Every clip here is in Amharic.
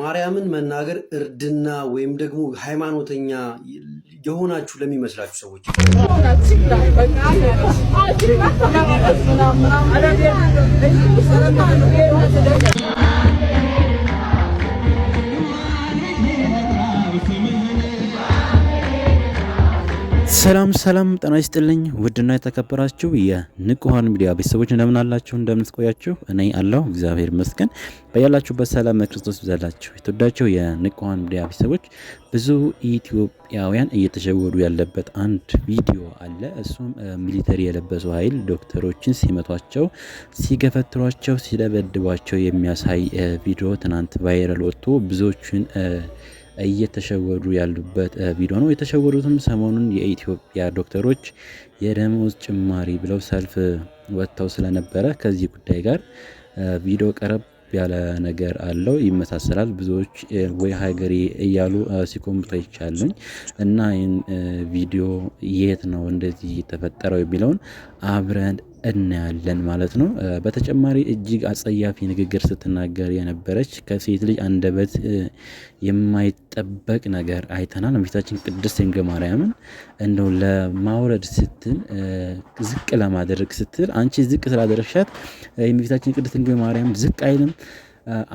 ማርያምን መናገር እርድና ወይም ደግሞ ሃይማኖተኛ የሆናችሁ ለሚመስላችሁ ሰዎች ሰላም ሰላም፣ ጤና ይስጥልኝ ውድና የተከበራችሁ የንቁሃን ሚዲያ ቤተሰቦች እንደምን አላችሁ? እንደምን ስቆያችሁ? እኔ አለሁ እግዚአብሔር ይመስገን። በያላችሁበት ሰላም ክርስቶስ ይብዛላችሁ። የተወዳችሁ የንቁሃን ሚዲያ ቤተሰቦች ብዙ ኢትዮጵያውያን እየተሸወዱ ያለበት አንድ ቪዲዮ አለ። እሱም ሚሊተሪ የለበሱ ኃይል ዶክተሮችን ሲመቷቸው፣ ሲገፈትሯቸው፣ ሲደበድቧቸው የሚያሳይ ቪዲዮ ትናንት ቫይረል ወጥቶ ብዙዎችን እየተሸወዱ ያሉበት ቪዲዮ ነው። የተሸወዱትም ሰሞኑን የኢትዮጵያ ዶክተሮች የደመወዝ ጭማሪ ብለው ሰልፍ ወጥተው ስለነበረ ከዚህ ጉዳይ ጋር ቪዲዮ ቀረብ ያለ ነገር አለው፣ ይመሳሰላል። ብዙዎች ወይ ሀገሬ እያሉ ሲቆምጡ አይቻሉኝ እና ይህን ቪዲዮ የት ነው እንደዚህ የተፈጠረው የሚለውን አብረን እናያለን ማለት ነው። በተጨማሪ እጅግ አጸያፊ ንግግር ስትናገር የነበረች ከሴት ልጅ አንደበት የማይጠበቅ ነገር አይተናል። እመቤታችን ቅድስት ድንግል ማርያምን እንደው ለማውረድ ስትል ዝቅ ለማድረግ ስትል አንቺ ዝቅ ስላደረግሻት የእመቤታችን ቅድስት ድንግል ማርያም ዝቅ አይልም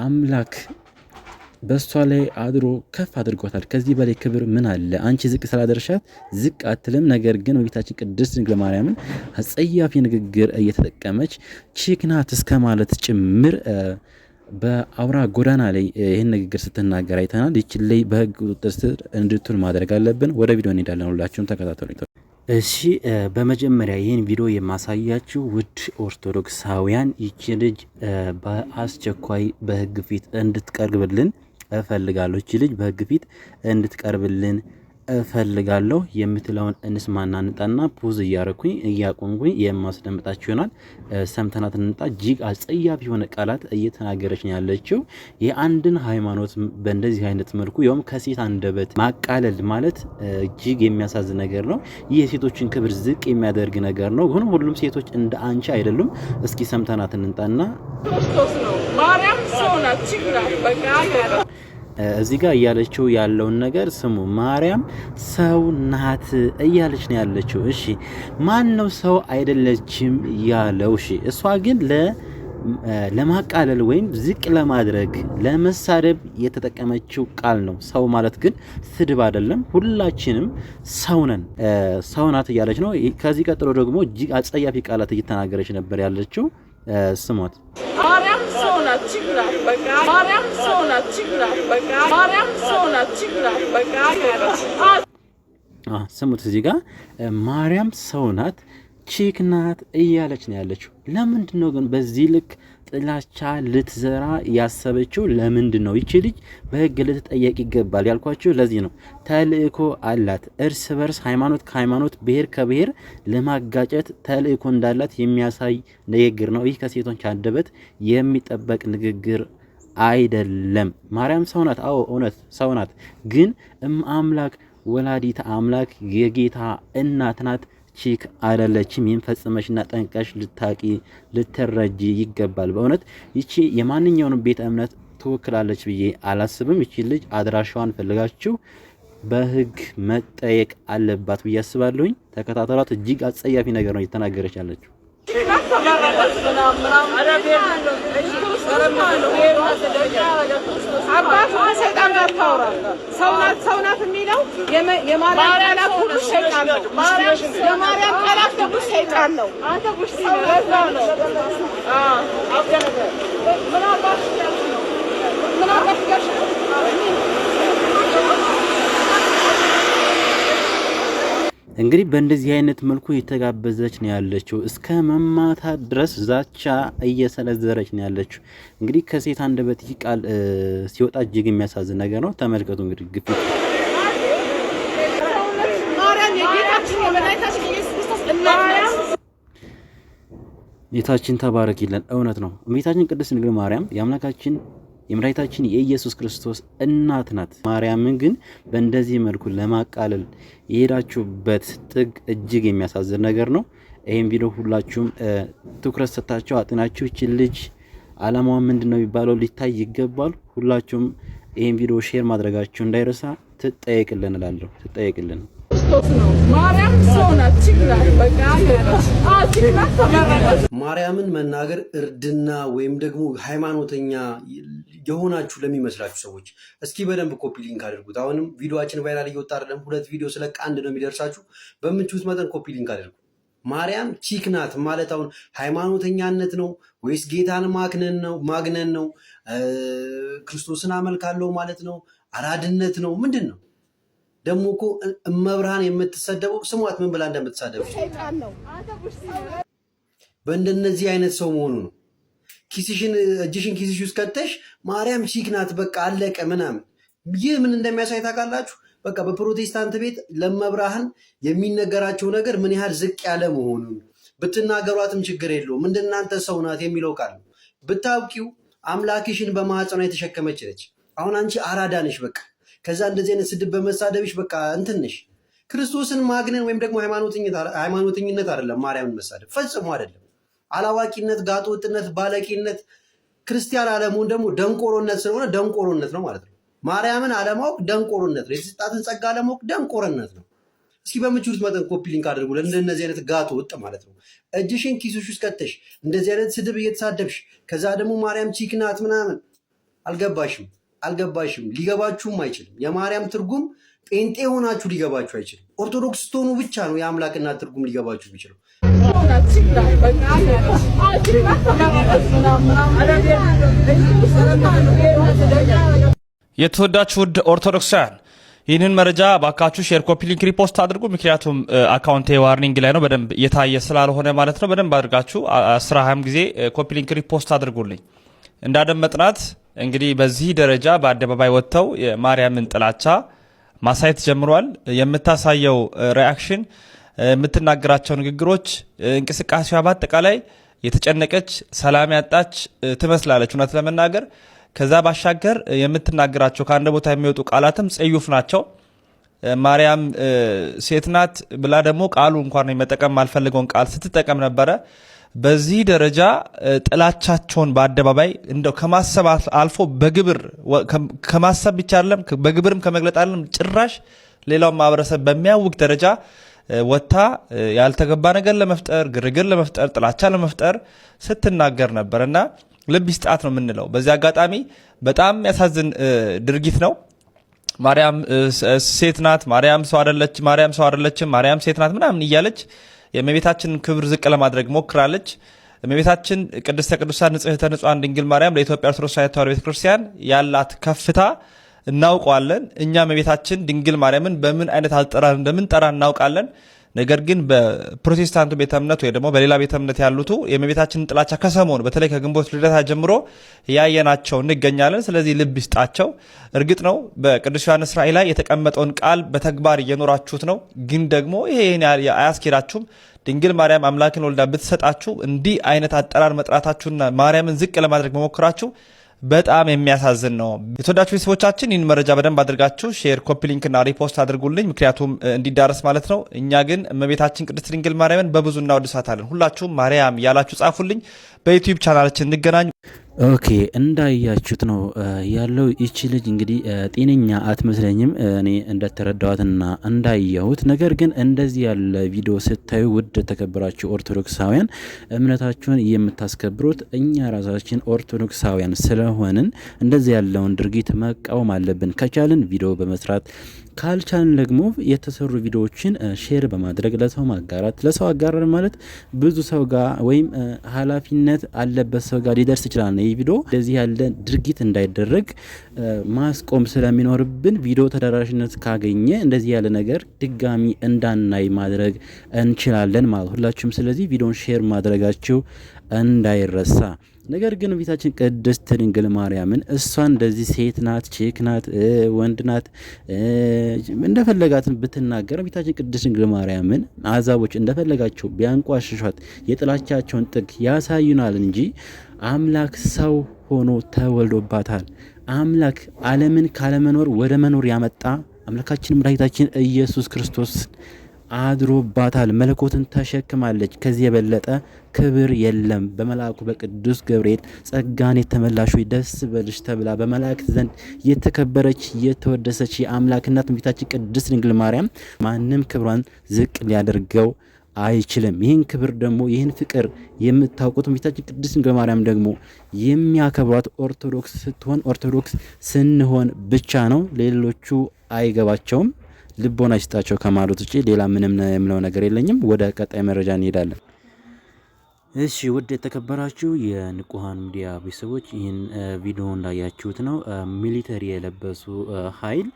አምላክ በእሷ ላይ አድሮ ከፍ አድርጓታል። ከዚህ በላይ ክብር ምን አለ? አንቺ ዝቅ ስላደርሻት ዝቅ አትልም። ነገር ግን በቤታችን ቅድስት ድንግል ማርያምን አጸያፊ ንግግር እየተጠቀመች ቺክናት እስከ ማለት ጭምር በአውራ ጎዳና ላይ ይህን ንግግር ስትናገር አይተናል። ይችን ላይ በህግ ቁጥጥር ስር እንድትውል ማድረግ አለብን። ወደ ቪዲዮ እንሄዳለን። ሁላችሁም ተከታተሉ። እሺ በመጀመሪያ ይህን ቪዲዮ የማሳያችው ውድ ኦርቶዶክሳውያን ይቺ ልጅ በአስቸኳይ በህግ ፊት እንድትቀርብልን እፈልጋለሁ። እቺ ልጅ በህግ ፊት እንድትቀርብልን እፈልጋለሁ የምትለውን እንስማና እንጣና ፖዝ እያረኩኝ እያቆምኩኝ የማስደምጣችሁ ይሆናል። ሰምተናት እንጣ እጅግ አጸያፊ የሆነ ቃላት እየተናገረች ነው ያለችው። የአንድን ሃይማኖት በእንደዚህ አይነት መልኩ ያውም ከሴት አንደበት ማቃለል ማለት እጅግ የሚያሳዝን ነገር ነው። ይህ የሴቶችን ክብር ዝቅ የሚያደርግ ነገር ነው። ግን ሁሉም ሴቶች እንደ አንቺ አይደሉም። እስኪ ሰምተናት እንጣና ክርስቶስ ነው ማርያም ሰው ናት እዚህ ጋር እያለችው ያለውን ነገር ስሙ። ማርያም ሰው ናት እያለች ነው ያለችው። እሺ ማን ነው ሰው አይደለችም ያለው? እሺ እሷ ግን ለ ለማቃለል ወይም ዝቅ ለማድረግ ለመሳደብ የተጠቀመችው ቃል ነው። ሰው ማለት ግን ስድብ አይደለም። ሁላችንም ሰው ነን፣ ሰው ናት እያለች ነው። ከዚህ ቀጥሎ ደግሞ እጅግ አጸያፊ ቃላት እየተናገረች ነበር ያለችው። ስሞት ማርያም ሰው ናት ማርያም ሰው ናት ማርያም ሰው ናት ችግራ ስሙት። እዚህ ጋር ማርያም ሰው ናት ናት እያለች ነው ያለችው። ለምንድን ነው ግን በዚህ ልክ ጥላቻ ልትዘራ ያሰበችው ለምንድን ነው? ይቺ ልጅ በህግ ልትጠየቅ ይገባል ያልኳችሁ ለዚህ ነው። ተልእኮ አላት። እርስ በርስ ሃይማኖት ከሃይማኖት ብሔር ከብሔር ለማጋጨት ተልእኮ እንዳላት የሚያሳይ ንግግር ነው። ይህ ከሴቶች አንደበት የሚጠበቅ ንግግር አይደለም። ማርያም ሰው ናት። አዎ እውነት ሰው ናት። ግን እም አምላክ ወላዲት አምላክ የጌታ እናት ናት። ቺክ አይደለችም። ይህን ፈጽመሽና ጠንቀሽ ልታቂ ልትረጂ ይገባል። በእውነት ይቺ የማንኛውንም ቤተ እምነት ትወክላለች ብዬ አላስብም። ይቺ ልጅ አድራሻዋን ፈልጋችሁ በህግ መጠየቅ አለባት ብዬ አስባለሁኝ። ተከታተሏት። እጅግ አጸያፊ ነገር ነው እየተናገረች ያለችው። አባቱ ሰይጣን ጋር ታውራ ሰው ናት የሚለው የማርያም ቀላት ሁሉ ሰይጣን ነው። የማርያም ቀላት ደግሞ ሰይጣን ነው። ምን አባሽ ነው? እንግዲህ በእንደዚህ አይነት መልኩ እየተጋበዘች ነው ያለችው። እስከ መማታ ድረስ ዛቻ እየሰነዘረች ነው ያለችው። እንግዲህ ከሴት አንደበት ይህ ቃል ሲወጣ እጅግ የሚያሳዝን ነገር ነው። ተመልከቱ እንግዲህ ግፊት ጌታችን ይለን። እውነት ነው። እመቤታችን ቅድስት ድንግል ማርያም የአምላካችን የምራይታችን የኢየሱስ ክርስቶስ እናት ናት። ማርያምን ግን በእንደዚህ መልኩ ለማቃለል የሄዳችሁበት ጥግ እጅግ የሚያሳዝን ነገር ነው። ይህም ቪዲዮ ሁላችሁም ትኩረት ሰጥታችሁ አጥናችሁ ልጅ አላማዋ ምንድን ነው የሚባለው ሊታይ ይገባል። ሁላችሁም ይህም ቪዲዮ ሼር ማድረጋችሁ እንዳይረሳ። ትጠየቅልን እላለሁ። ትጠየቅልን ማርያምን መናገር እርድና ወይም ደግሞ ሃይማኖተኛ የሆናችሁ ለሚመስላችሁ ሰዎች እስኪ በደንብ ኮፒ ሊንክ አድርጉት። አሁንም ቪዲዮችን ቫይራል እየወጣ አይደለም። ሁለት ቪዲዮ ስለቅ አንድ ነው የሚደርሳችሁ። በምንችሉት መጠን ኮፒ ሊንክ አድርጉ። ማርያም ቺክ ናት ማለት አሁን ሃይማኖተኛነት ነው ወይስ ጌታን ማግነን ነው ማግነን ነው? ክርስቶስን አመልካለሁ ማለት ነው? አራድነት ነው? ምንድን ነው? ደግሞ እኮ እመብርሃን የምትሰደበው ስሟት ምን ብላ እንደምትሳደብ በእንደነዚህ አይነት ሰው መሆኑ ነው። ኪስሽን እጅሽን ኪስሽ ውስጥ ከተሽ ማርያም ሲክናት በቃ አለቀ ምናምን። ይህ ምን እንደሚያሳይ ታውቃላችሁ? በቃ በፕሮቴስታንት ቤት ለመብርሃን የሚነገራቸው ነገር ምን ያህል ዝቅ ያለ መሆኑን ብትናገሯትም ችግር የለውም እንደናንተ ሰው ናት የሚለው ቃል ነው። ብታውቂው አምላክሽን በማህፀኗ የተሸከመች ነች። አሁን አንቺ አራዳ ነሽ። በቃ ከዛ እንደዚህ አይነት ስድብ በመሳደብሽ በቃ እንትንሽ ክርስቶስን ማግነን ወይም ደግሞ ሃይማኖተኝነት አይደለም። ማርያምን መሳደብ ፈጽሞ አይደለም። አላዋቂነት፣ ጋጠወጥነት፣ ባለቂነት ክርስቲያን አለመሆን ደግሞ ደንቆሮነት ስለሆነ ደንቆሮነት ነው ማለት ነው። ማርያምን አለማወቅ ደንቆሮነት ነው። የተሰጣትን ጸጋ አለማወቅ ደንቆረነት ነው። እስኪ በምችሉት መጠን ኮፒ ሊንክ አድርጉ። እንደነዚህ አይነት ጋጥ ወጥ ማለት ነው። እጅሽን ኪስሽ ውስጥ ከተሽ እንደዚህ አይነት ስድብ እየተሳደብሽ ከዛ ደግሞ ማርያም ቺክናት ምናምን አልገባሽም፣ አልገባሽም። ሊገባችሁም አይችልም። የማርያም ትርጉም ጴንጤ ሆናችሁ ሊገባችሁ አይችልም። ኦርቶዶክስ ስትሆኑ ብቻ ነው የአምላክና ትርጉም ሊገባችሁ የሚችለው። የተወዳችሁ ውድ ኦርቶዶክሳውያን ይህንን መረጃ ባካችሁ ሼር፣ ኮፒ ሊንክ፣ ሪፖስት አድርጉ። ምክንያቱም አካውንቴ ዋርኒንግ ላይ ነው፣ በደንብ እየታየ ስላልሆነ ማለት ነው። በደንብ አድርጋችሁ አስራ ሀያም ጊዜ ኮፒ ሊንክ፣ ሪፖስት አድርጉልኝ። እንዳደመጥናት እንግዲህ በዚህ ደረጃ በአደባባይ ወጥተው የማርያምን ጥላቻ ማሳየት ጀምሯል። የምታሳየው ሪያክሽን የምትናገራቸው ንግግሮች፣ እንቅስቃሴዋ በአጠቃላይ የተጨነቀች ሰላም ያጣች ትመስላለች እውነት ለመናገር ከዛ ባሻገር የምትናገራቸው ከአንድ ቦታ የሚወጡ ቃላትም ጽዩፍ ናቸው። ማርያም ሴት ናት ብላ ደግሞ ቃሉ እንኳን መጠቀም ማልፈልገውን ቃል ስትጠቀም ነበረ። በዚህ ደረጃ ጥላቻቸውን በአደባባይ እንደው ከማሰብ አልፎ በግብር ከማሰብ ብቻ አይደለም በግብርም ከመግለጥ አይደለም ጭራሽ ሌላውን ማህበረሰብ በሚያውቅ ደረጃ ወጥታ ያልተገባ ነገር ለመፍጠር ግርግር ለመፍጠር ጥላቻ ለመፍጠር ስትናገር ነበር እና ልብ ይስጣት ነው የምንለው። በዚህ አጋጣሚ በጣም ያሳዝን ድርጊት ነው። ማርያም ሴት ናት፣ ማርያም ሰው አደለች፣ ማርያም ሰው አደለችም፣ ማርያም ሴት ናት ምናምን እያለች የእመቤታችንን ክብር ዝቅ ለማድረግ ሞክራለች። እመቤታችን ቅድስተ ቅዱሳን ንጽሕተ ንጹሐን ድንግል ማርያም ለኢትዮጵያ ኦርቶዶክስ ተዋሕዶ ቤተክርስቲያን ያላት ከፍታ እናውቀዋለን። እኛ ቤታችን ድንግል ማርያምን በምን አይነት አጠራር እንደምንጠራ እናውቃለን። ነገር ግን በፕሮቴስታንቱ ቤተ እምነት ወይ ደግሞ በሌላ ቤተ እምነት ያሉቱ የእመቤታችንን ጥላቻ ከሰሞኑ በተለይ ከግንቦት ልደታ ጀምሮ ያየናቸው እንገኛለን። ስለዚህ ልብ ይስጣቸው። እርግጥ ነው በቅዱስ ዮሐንስ ራእይ ላይ የተቀመጠውን ቃል በተግባር እየኖራችሁት ነው። ግን ደግሞ ይሄ አያስኬዳችሁም። ድንግል ማርያም አምላክን ወልዳ ብትሰጣችሁ እንዲህ አይነት አጠራር መጥራታችሁና ማርያምን ዝቅ ለማድረግ መሞክራችሁ በጣም የሚያሳዝን ነው። የተወዳችሁ ቤተሰቦቻችን ይህን መረጃ በደንብ አድርጋችሁ ሼር፣ ኮፒ ሊንክና ሪፖስት አድርጉልኝ፣ ምክንያቱም እንዲዳረስ ማለት ነው። እኛ ግን እመቤታችን ቅድስት ድንግል ማርያምን በብዙ እናወድሳታለን። ሁላችሁም ማርያም ያላችሁ ጻፉልኝ። በዩቲዩብ ቻናላችን እንገናኝ። ኦኬ እንዳያችሁት ነው ያለው። ይቺ ልጅ እንግዲህ ጤነኛ አትመስለኝም እኔ እንደተረዳዋትና እንዳየሁት። ነገር ግን እንደዚህ ያለ ቪዲዮ ስታዩ ውድ ተከበራችሁ ኦርቶዶክሳውያን፣ እምነታችሁን የምታስከብሩት እኛ ራሳችን ኦርቶዶክሳውያን ስለሆንን እንደዚህ ያለውን ድርጊት መቃወም አለብን። ከቻልን ቪዲዮ በመስራት ካልቻልን ደግሞ የተሰሩ ቪዲዮዎችን ሼር በማድረግ ለሰው ማጋራት። ለሰው አጋራን ማለት ብዙ ሰው ጋር ወይም ኃላፊነት አለበት ሰው ጋር ሊደርስ ይችላል። ይህ ቪዲዮ እንደዚህ ያለ ድርጊት እንዳይደረግ ማስቆም ስለሚኖርብን ቪዲዮ ተደራሽነት ካገኘ እንደዚህ ያለ ነገር ድጋሚ እንዳናይ ማድረግ እንችላለን ማለት ሁላችሁም። ስለዚህ ቪዲዮን ሼር ማድረጋችሁ እንዳይረሳ ነገር ግን ቤታችን ቅድስት ድንግል ማርያምን እሷ እንደዚህ ሴት ናት፣ ቼክ ናት፣ ወንድ ናት እንደፈለጋትን ብትናገር ቤታችን ቅድስት ድንግል ማርያምን አሕዛቦች እንደፈለጋቸው ቢያንቋሽሿት የጥላቻቸውን ጥግ ያሳዩናል እንጂ አምላክ ሰው ሆኖ ተወልዶባታል። አምላክ ዓለምን ካለመኖር ወደ መኖር ያመጣ አምላካችን መድኃኒታችን ኢየሱስ ክርስቶስ አድሮባታል። መለኮትን ተሸክማለች። ከዚህ የበለጠ ክብር የለም። በመልአኩ በቅዱስ ገብርኤል ጸጋን የተመላሹ ደስ በልሽ ተብላ በመላእክት ዘንድ የተከበረች የተወደሰች የአምላክ እናት እመቤታችን ቅድስት ድንግል ማርያም ማንም ክብሯን ዝቅ ሊያደርገው አይችልም። ይህን ክብር ደግሞ ይህን ፍቅር የምታውቁት እመቤታችን ቅድስት ድንግል ማርያም ደግሞ የሚያከብሯት ኦርቶዶክስ ስትሆን ኦርቶዶክስ ስንሆን ብቻ ነው። ሌሎቹ አይገባቸውም። ልቦና ይስጣቸው ከማለት ውጭ ሌላ ምንም የምለው ነገር የለኝም። ወደ ቀጣይ መረጃ እንሄዳለን። እሺ ውድ የተከበራችሁ የንቁሃን ሚዲያ ቤተሰቦች ይህን ቪዲዮ እንዳያችሁት ነው ሚሊተሪ የለበሱ ኃይል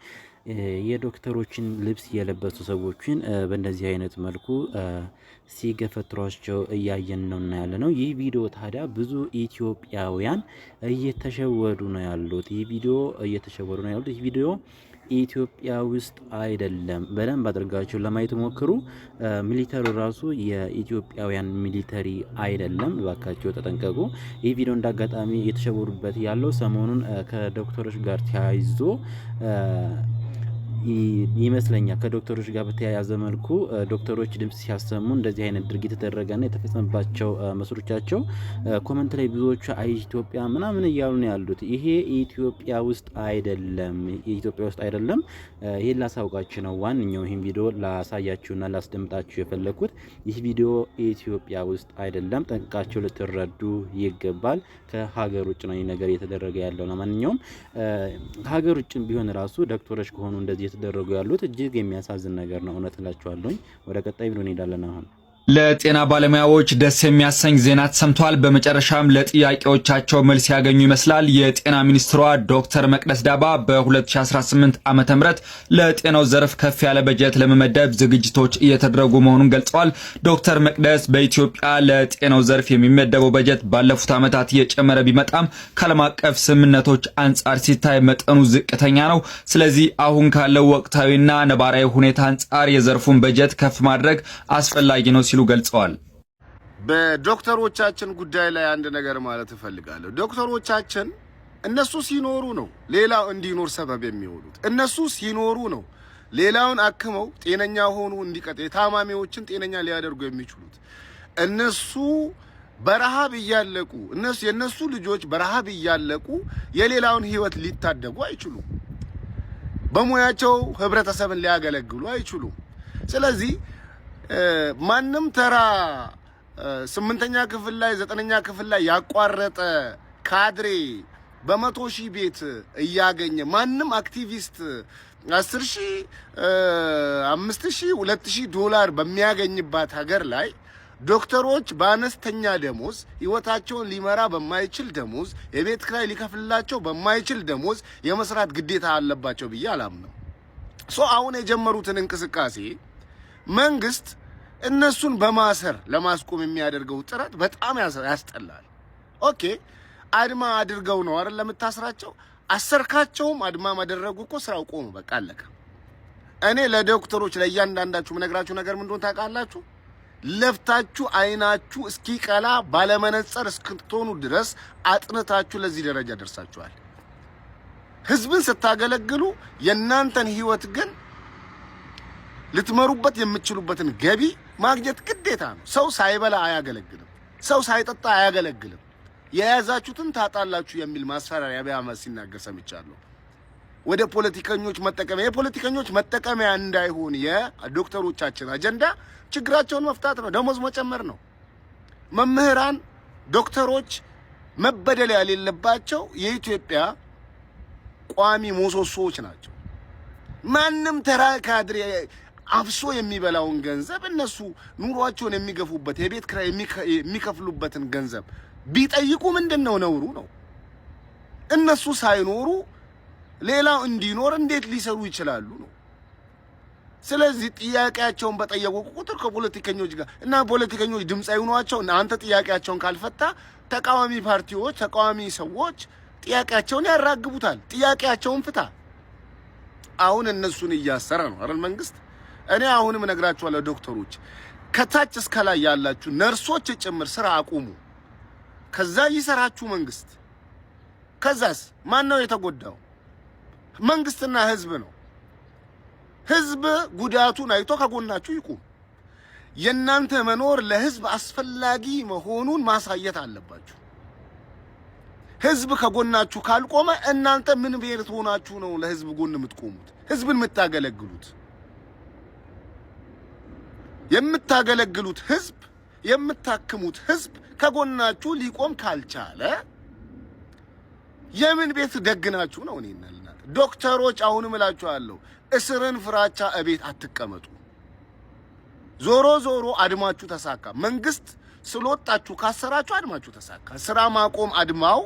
የዶክተሮችን ልብስ የለበሱ ሰዎችን በእንደዚህ አይነት መልኩ ሲገፈትሯቸው እያየን ነው እና ያለ ነው። ይህ ቪዲዮ ታዲያ ብዙ ኢትዮጵያውያን እየተሸወዱ ነው ያሉት። ይህ ቪዲዮ እየተሸወዱ ነው ያሉት። ይህ ቪዲዮ ኢትዮጵያ ውስጥ አይደለም። በደንብ አድርጋችሁ ለማየት ሞክሩ። ሚሊተሩ ራሱ የኢትዮጵያውያን ሚሊተሪ አይደለም። እባካችሁ ተጠንቀቁ። ይህ ቪዲዮ እንዳጋጣሚ የተሸወሩበት ያለው ሰሞኑን ከዶክተሮች ጋር ተያይዞ ይመስለኛል። ከዶክተሮች ጋር በተያያዘ መልኩ ዶክተሮች ድምፅ ሲያሰሙ እንደዚህ አይነት ድርጊት የተደረገና የተፈጸመባቸው መስሎቻቸው ኮመንት ላይ ብዙዎቹ አይ ኢትዮጵያ ምናምን እያሉ ነው ያሉት። ይሄ ኢትዮጵያ ውስጥ አይደለም፣ ኢትዮጵያ ውስጥ አይደለም። ይህን ላሳውቃችሁ ነው ዋንኛው ይህን ቪዲዮ ላሳያችሁና ላስደምጣችሁ የፈለግኩት ይህ ቪዲዮ ኢትዮጵያ ውስጥ አይደለም። ጠንቅቃቸው ልትረዱ ይገባል። ከሀገር ውጭ ነው ነገር እየተደረገ ያለው። ለማንኛውም ከሀገር ውጭም ቢሆን ራሱ ዶክተሮች ከሆኑ እንደዚህ እየተደረጉ ያሉት እጅግ የሚያሳዝን ነገር ነው። እውነት እላችኋለሁኝ። ወደ ቀጣይ ብሎ እንሄዳለን አሁን ለጤና ባለሙያዎች ደስ የሚያሰኝ ዜና ተሰምቷል። በመጨረሻም ለጥያቄዎቻቸው መልስ ያገኙ ይመስላል። የጤና ሚኒስትሯ ዶክተር መቅደስ ዳባ በ2018 ዓ ም ለጤናው ዘርፍ ከፍ ያለ በጀት ለመመደብ ዝግጅቶች እየተደረጉ መሆኑን ገልጸዋል። ዶክተር መቅደስ በኢትዮጵያ ለጤናው ዘርፍ የሚመደበው በጀት ባለፉት ዓመታት እየጨመረ ቢመጣም ከዓለም አቀፍ ስምምነቶች አንጻር ሲታይ መጠኑ ዝቅተኛ ነው። ስለዚህ አሁን ካለው ወቅታዊና ነባራዊ ሁኔታ አንጻር የዘርፉን በጀት ከፍ ማድረግ አስፈላጊ ነው ሲሉ ገልጸዋል። በዶክተሮቻችን ጉዳይ ላይ አንድ ነገር ማለት እፈልጋለሁ። ዶክተሮቻችን እነሱ ሲኖሩ ነው ሌላው እንዲኖር ሰበብ የሚሆኑት። እነሱ ሲኖሩ ነው ሌላውን አክመው ጤነኛ ሆኑ እንዲቀጥ የታማሚዎችን ጤነኛ ሊያደርጉ የሚችሉት እነሱ በረሃብ እያለቁ እነሱ የእነሱ ልጆች በረሃብ እያለቁ የሌላውን ህይወት ሊታደጉ አይችሉም። በሙያቸው ህብረተሰብን ሊያገለግሉ አይችሉም። ስለዚህ ማንም ተራ ስምንተኛ ክፍል ላይ ዘጠነኛ ክፍል ላይ ያቋረጠ ካድሬ በመቶ ሺህ ቤት እያገኘ ማንም አክቲቪስት አስር ሺህ አምስት ሺህ ሁለት ሺህ ዶላር በሚያገኝባት ሀገር ላይ ዶክተሮች በአነስተኛ ደሞዝ ህይወታቸውን ሊመራ በማይችል ደሞዝ የቤት ኪራይ ሊከፍልላቸው በማይችል ደሞዝ የመስራት ግዴታ አለባቸው ብዬ አላምነው። ሶ አሁን የጀመሩትን እንቅስቃሴ መንግስት እነሱን በማሰር ለማስቆም የሚያደርገው ጥረት በጣም ያስጠላል። ኦኬ አድማ አድርገው ነው አይደል ለምታስራቸው? አሰርካቸውም አድማ ማደረጉ እኮ ስራው ቆሙ፣ በቃ አለቀ። እኔ ለዶክተሮች ለእያንዳንዳችሁ ምነግራችሁ ነገር ምን እንደሆነ ታውቃላችሁ? ለፍታችሁ አይናችሁ እስኪቀላ ባለመነጽር እስክትሆኑ ድረስ አጥንታችሁ ለዚህ ደረጃ ደርሳችኋል። ህዝብን ስታገለግሉ የእናንተን ህይወት ግን ልትመሩበት የምትችሉበትን ገቢ ማግኘት ግዴታ ነው። ሰው ሳይበላ አያገለግልም። ሰው ሳይጠጣ አያገለግልም። የያዛችሁትን ታጣላችሁ የሚል ማስፈራሪያ ቢያመስ ሲናገር ሰምቻለሁ። ወደ ፖለቲከኞች መጠቀሚያ የፖለቲከኞች መጠቀሚያ እንዳይሆን የዶክተሮቻችን አጀንዳ ችግራቸውን መፍታት ነው፣ ደሞዝ መጨመር ነው። መምህራን፣ ዶክተሮች መበደል የሌለባቸው የኢትዮጵያ ቋሚ ምሰሶዎች ናቸው። ማንም ተራ ካድሬ አፍሶ የሚበላውን ገንዘብ እነሱ ኑሯቸውን የሚገፉበት የቤት ክራይ የሚከፍሉበትን ገንዘብ ቢጠይቁ ምንድን ነው ነውሩ ነው? እነሱ ሳይኖሩ ሌላው እንዲኖር እንዴት ሊሰሩ ይችላሉ ነው። ስለዚህ ጥያቄያቸውን በጠየቁ ቁጥር ከፖለቲከኞች ጋር እና ፖለቲከኞች ድምፅ አይሆኗቸው አንተ ጥያቄያቸውን ካልፈታ ተቃዋሚ ፓርቲዎች ተቃዋሚ ሰዎች ጥያቄያቸውን ያራግቡታል። ጥያቄያቸውን ፍታ። አሁን እነሱን እያሰረ ነው አይደል መንግስት? እኔ አሁንም እነግራችኋለሁ ዶክተሮች፣ ከታች እስከ ላይ ያላችሁ ነርሶች ጭምር ስራ አቁሙ። ከዛ ይሰራችሁ መንግስት። ከዛስ ማን ነው የተጎዳው? መንግስትና ህዝብ ነው። ህዝብ ጉዳቱን አይቶ ከጎናችሁ ይቁም። የእናንተ መኖር ለህዝብ አስፈላጊ መሆኑን ማሳየት አለባችሁ። ህዝብ ከጎናችሁ ካልቆመ እናንተ ምን ብሔር ትሆናችሁ ነው ለህዝብ ጎን የምትቆሙት? ህዝብን የምታገለግሉት የምታገለግሉት ህዝብ፣ የምታክሙት ህዝብ ከጎናችሁ ሊቆም ካልቻለ የምን ቤት ደግናችሁ ነው? እኔ ዶክተሮች፣ አሁንም እላችኋለሁ እስርን ፍራቻ እቤት አትቀመጡ። ዞሮ ዞሮ አድማችሁ ተሳካ። መንግስት ስለወጣችሁ ካሰራችሁ አድማችሁ ተሳካ። ስራ ማቆም አድማው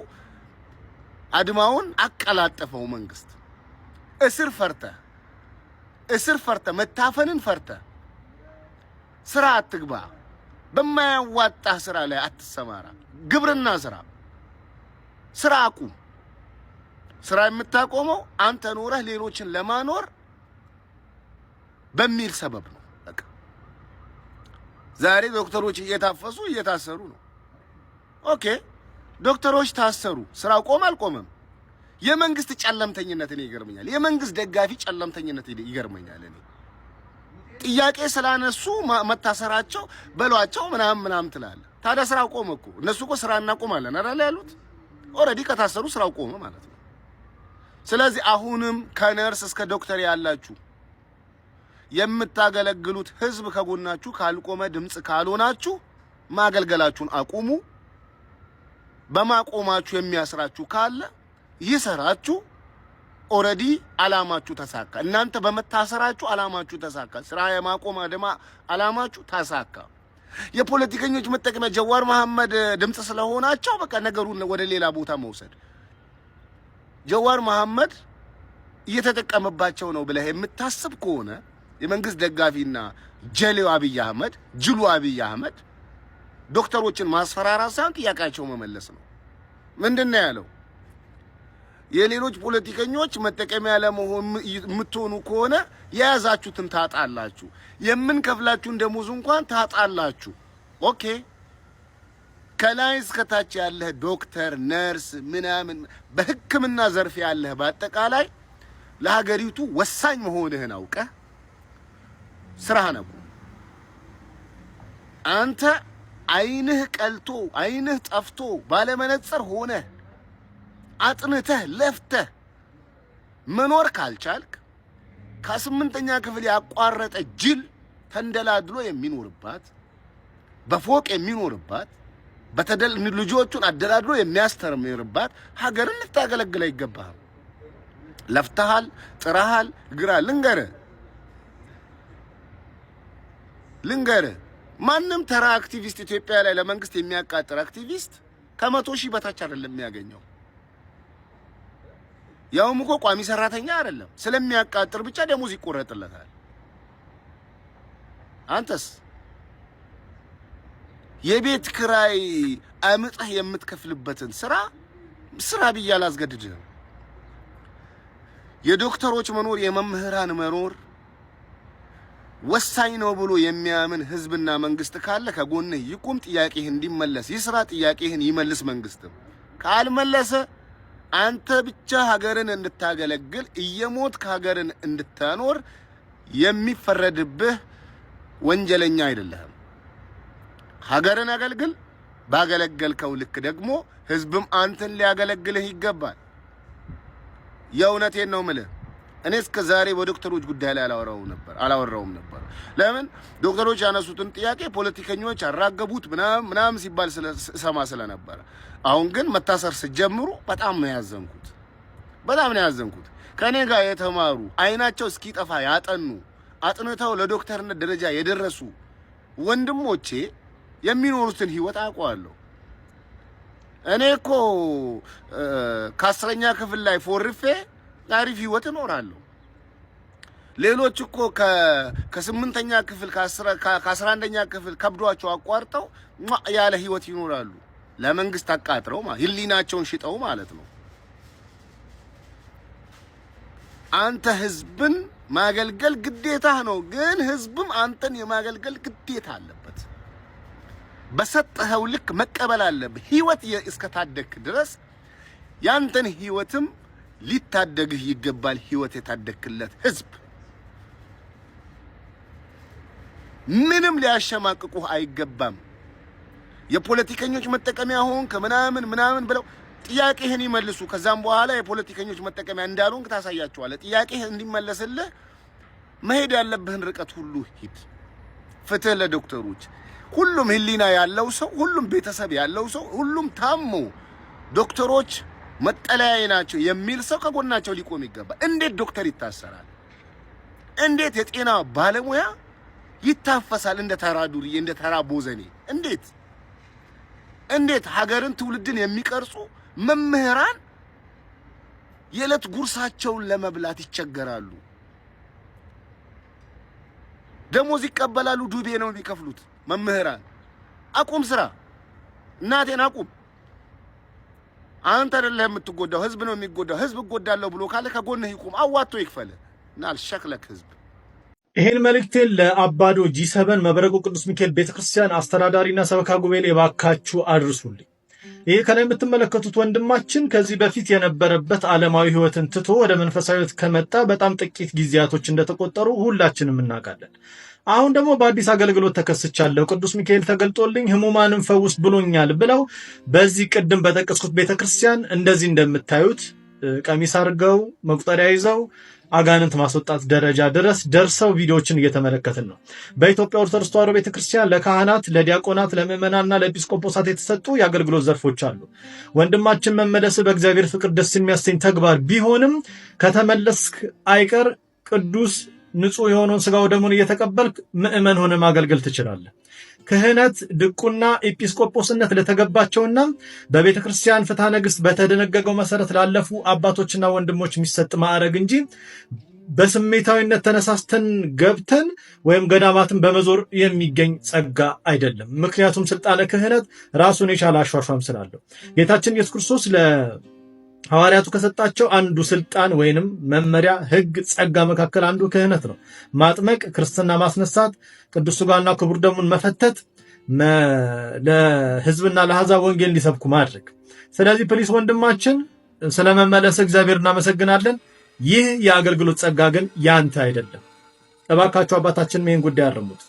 አድማውን አቀላጠፈው መንግስት። እስር ፈርተ እስር ፈርተ መታፈንን ፈርተ ስራ አትግባ፣ በማያዋጣህ ስራ ላይ አትሰማራ፣ ግብርና ስራ ስራ አቁም። ስራ የምታቆመው አንተ ኖረህ ሌሎችን ለማኖር በሚል ሰበብ ነው። በቃ ዛሬ ዶክተሮች እየታፈሱ እየታሰሩ ነው። ኦኬ ዶክተሮች ታሰሩ፣ ስራ ቆም አልቆመም። የመንግስት ጨለምተኝነት እኔ ይገርመኛል። የመንግስት ደጋፊ ጨለምተኝነት ይገርመኛል እኔ ጥያቄ ስላነሱ መታሰራቸው በሏቸው ምናምን ምናምን ትላለ። ታዲያ ስራ ቆመ እኮ እነሱ እኮ ስራ እናቆማለን አይደል ያሉት። ኦልሬዲ ከታሰሩ ስራው ቆመ ማለት ነው። ስለዚህ አሁንም ከነርስ እስከ ዶክተር ያላችሁ የምታገለግሉት ህዝብ ከጎናችሁ ካልቆመ ድምፅ ካልሆናችሁ ማገልገላችሁን አቁሙ። በማቆማችሁ የሚያስራችሁ ካለ ይሰራችሁ። ኦረዲ አላማችሁ ተሳካ። እናንተ በመታሰራችሁ አላማችሁ ተሳካ። ስራ የማቆም አድማ አላማችሁ ተሳካ። የፖለቲከኞች መጠቀሚያ ጀዋር መሐመድ ድምፅ ስለሆናቸው በቃ ነገሩን ወደ ሌላ ቦታ መውሰድ ጀዋር መሐመድ እየተጠቀመባቸው ነው ብለህ የምታስብ ከሆነ የመንግስት ደጋፊና ጀሌው አብይ አህመድ ጅሉ አብይ አህመድ ዶክተሮችን ማስፈራራት ሳይሆን ጥያቄያቸው መመለስ ነው። ምንድን ነው ያለው? የሌሎች ፖለቲከኞች መጠቀሚያ ለመሆን የምትሆኑ ከሆነ የያዛችሁትን ታጣላችሁ። የምንከፍላችሁን ደሞዝ እንኳን ታጣላችሁ። ኦኬ ከላይ እስከታች ያለህ ዶክተር፣ ነርስ ምናምን በሕክምና ዘርፍ ያለህ በአጠቃላይ ለሀገሪቱ ወሳኝ መሆንህን አውቀህ ስራህ ነው። አንተ አይንህ ቀልቶ አይንህ ጠፍቶ ባለመነጽር ሆነህ አጥንተህ ለፍተህ መኖር ካልቻልክ ከስምንተኛ ክፍል ያቋረጠ ጅል ተንደላድሎ የሚኖርባት በፎቅ የሚኖርባት በተደል ልጆቹን አደላድሎ የሚያስተምርባት ሀገርን ልታገለግል ይገባሃል። ለፍተሃል፣ ጥረሃል፣ ግራ ልንገርህ ልንገርህ ማንም ተራ አክቲቪስት ኢትዮጵያ ላይ ለመንግስት የሚያቃጥር አክቲቪስት ከመቶ ሺህ በታች አይደለም የሚያገኘው። ያውም እኮ ቋሚ ሰራተኛ አይደለም። ስለሚያቃጥር ብቻ ደሞዝ ይቆረጥለታል። አንተስ የቤት ክራይ አምጠህ የምትከፍልበትን ስራ ስራ ብዬ አላስገድድህም። የዶክተሮች መኖር የመምህራን መኖር ወሳኝ ነው ብሎ የሚያምን ህዝብና መንግስት ካለ ከጎንህ ይቁም፣ ጥያቄህ እንዲመለስ ይስራ፣ ጥያቄህን ይመልስ መንግስትም ካልመለሰ አንተ ብቻ ሀገርን እንድታገለግል እየሞት ከሀገርን እንድታኖር የሚፈረድብህ ወንጀለኛ አይደለህም። ሀገርን አገልግል። ባገለገልከው ልክ ደግሞ ህዝብም አንተን ሊያገለግልህ ይገባል። የእውነቴን ነው ምልህ። እኔ እስከ ዛሬ በዶክተሮች ጉዳይ ላይ አላወራው ነበር አላወራውም ነበር። ለምን ዶክተሮች ያነሱትን ጥያቄ ፖለቲከኞች አራገቡት ምናምን ምናምን ሲባል ስለሰማ ስለነበረ፣ አሁን ግን መታሰር ስጀምሩ በጣም ነው ያዘንኩት። በጣም ነው ያዘንኩት። ከኔ ጋር የተማሩ አይናቸው እስኪጠፋ ያጠኑ አጥንተው ለዶክተርነት ደረጃ የደረሱ ወንድሞቼ የሚኖሩትን ህይወት አውቀዋለሁ። እኔ እኮ ከአስረኛ ክፍል ላይ ፎርፌ አሪፍ ህይወት እኖራለሁ። ሌሎች እኮ ከስምንተኛ ክፍል ከአስራ አንደኛ ክፍል ከብዷቸው አቋርጠው ያለ ህይወት ይኖራሉ። ለመንግስት አቃጥረው ህሊናቸውን ሽጠው ማለት ነው። አንተ ህዝብን ማገልገል ግዴታህ ነው፣ ግን ህዝብም አንተን የማገልገል ግዴታ አለበት። በሰጠኸው ልክ መቀበል አለብህ። ህይወት እስከታደክ ድረስ ያንተን ህይወትም ሊታደግህ ይገባል። ህይወት የታደግክለት ህዝብ ምንም ሊያሸማቅቁህ አይገባም። የፖለቲከኞች መጠቀሚያ ሆን ምናምን ምናምን ብለው ጥያቄህን ይመልሱ። ከዛም በኋላ የፖለቲከኞች መጠቀሚያ እንዳልሆንክ ታሳያቸዋለህ። ጥያቄህ እንዲመለስልህ መሄድ ያለብህን ርቀት ሁሉ ሂድ። ፍትህ ለዶክተሮች፣ ሁሉም ህሊና ያለው ሰው፣ ሁሉም ቤተሰብ ያለው ሰው፣ ሁሉም ታሞ ዶክተሮች መጠለያዬ ናቸው የሚል ሰው ከጎናቸው ሊቆም ይገባል። እንዴት ዶክተር ይታሰራል? እንዴት የጤና ባለሙያ ይታፈሳል? እንደ ተራ ዱርዬ፣ እንደ ተራ ቦዘኔ እንዴት እንዴት ሀገርን ትውልድን የሚቀርጹ መምህራን የዕለት ጉርሳቸውን ለመብላት ይቸገራሉ። ደሞዝ ይቀበላሉ፣ ዱቤ ነው የሚከፍሉት። መምህራን አቁም ስራ፣ እናቴን አቁም። አንተ አይደለህ የምትጎዳው፣ ህዝብ ነው የሚጎዳው። ህዝብ እጎዳለሁ ብሎ ካለ ከጎንህ ይቁም፣ አዋቶ ይክፈል እና አልሸክለክ ህዝብ። ይህን መልእክቴን ለአባዶ ጂ7 መብረቁ ቅዱስ ሚካኤል ቤተክርስቲያን አስተዳዳሪና ሰበካ ጉባኤ የባካችሁ አድርሱልኝ። ይህ ከላይ የምትመለከቱት ወንድማችን ከዚህ በፊት የነበረበት ዓለማዊ ህይወትን ትቶ ወደ መንፈሳዊ ህይወት ከመጣ በጣም ጥቂት ጊዜያቶች እንደተቆጠሩ ሁላችንም እናውቃለን። አሁን ደግሞ በአዲስ አገልግሎት ተከስቻለሁ፣ ቅዱስ ሚካኤል ተገልጦልኝ ህሙማንን ፈውስ ብሎኛል ብለው በዚህ ቅድም በጠቀስኩት ቤተክርስቲያን እንደዚህ እንደምታዩት ቀሚስ አድርገው መቁጠሪያ ይዘው አጋንንት ማስወጣት ደረጃ ድረስ ደርሰው ቪዲዮዎችን እየተመለከትን ነው። በኢትዮጵያ ኦርቶዶክስ ተዋሕዶ ቤተክርስቲያን ለካህናት፣ ለዲያቆናት፣ ለምዕመናና ለኤጲስቆጶሳት የተሰጡ የአገልግሎት ዘርፎች አሉ። ወንድማችን መመለስ በእግዚአብሔር ፍቅር ደስ የሚያሰኝ ተግባር ቢሆንም ከተመለስክ አይቀር ቅዱስ ንጹህ የሆነውን ስጋው ደሙን እየተቀበልክ ምእመን ሆነ ማገልገል ትችላለህ። ክህነት፣ ድቁና፣ ኤጲስቆጶስነት ለተገባቸውና በቤተ ክርስቲያን ፍትሐ ነገሥት በተደነገገው መሰረት ላለፉ አባቶችና ወንድሞች የሚሰጥ ማዕረግ እንጂ በስሜታዊነት ተነሳስተን ገብተን ወይም ገዳማትን በመዞር የሚገኝ ጸጋ አይደለም። ምክንያቱም ስልጣነ ክህነት ራሱን የቻለ አሿሿም ስላለው ጌታችን ኢየሱስ ክርስቶስ ሐዋርያቱ ከሰጣቸው አንዱ ስልጣን ወይንም መመሪያ፣ ህግ ጸጋ መካከል አንዱ ክህነት ነው። ማጥመቅ፣ ክርስትና ማስነሳት፣ ቅዱስ ሥጋና ክቡር ደሙን መፈተት፣ ለህዝብና ለአሕዛብ ወንጌል እንዲሰብኩ ማድረግ። ስለዚህ ፕሊስ ወንድማችን ስለመመለስ እግዚአብሔር እናመሰግናለን። ይህ የአገልግሎት ጸጋ ግን ያንተ አይደለም። እባካችሁ አባታችን ይህን ጉዳይ አርሙት።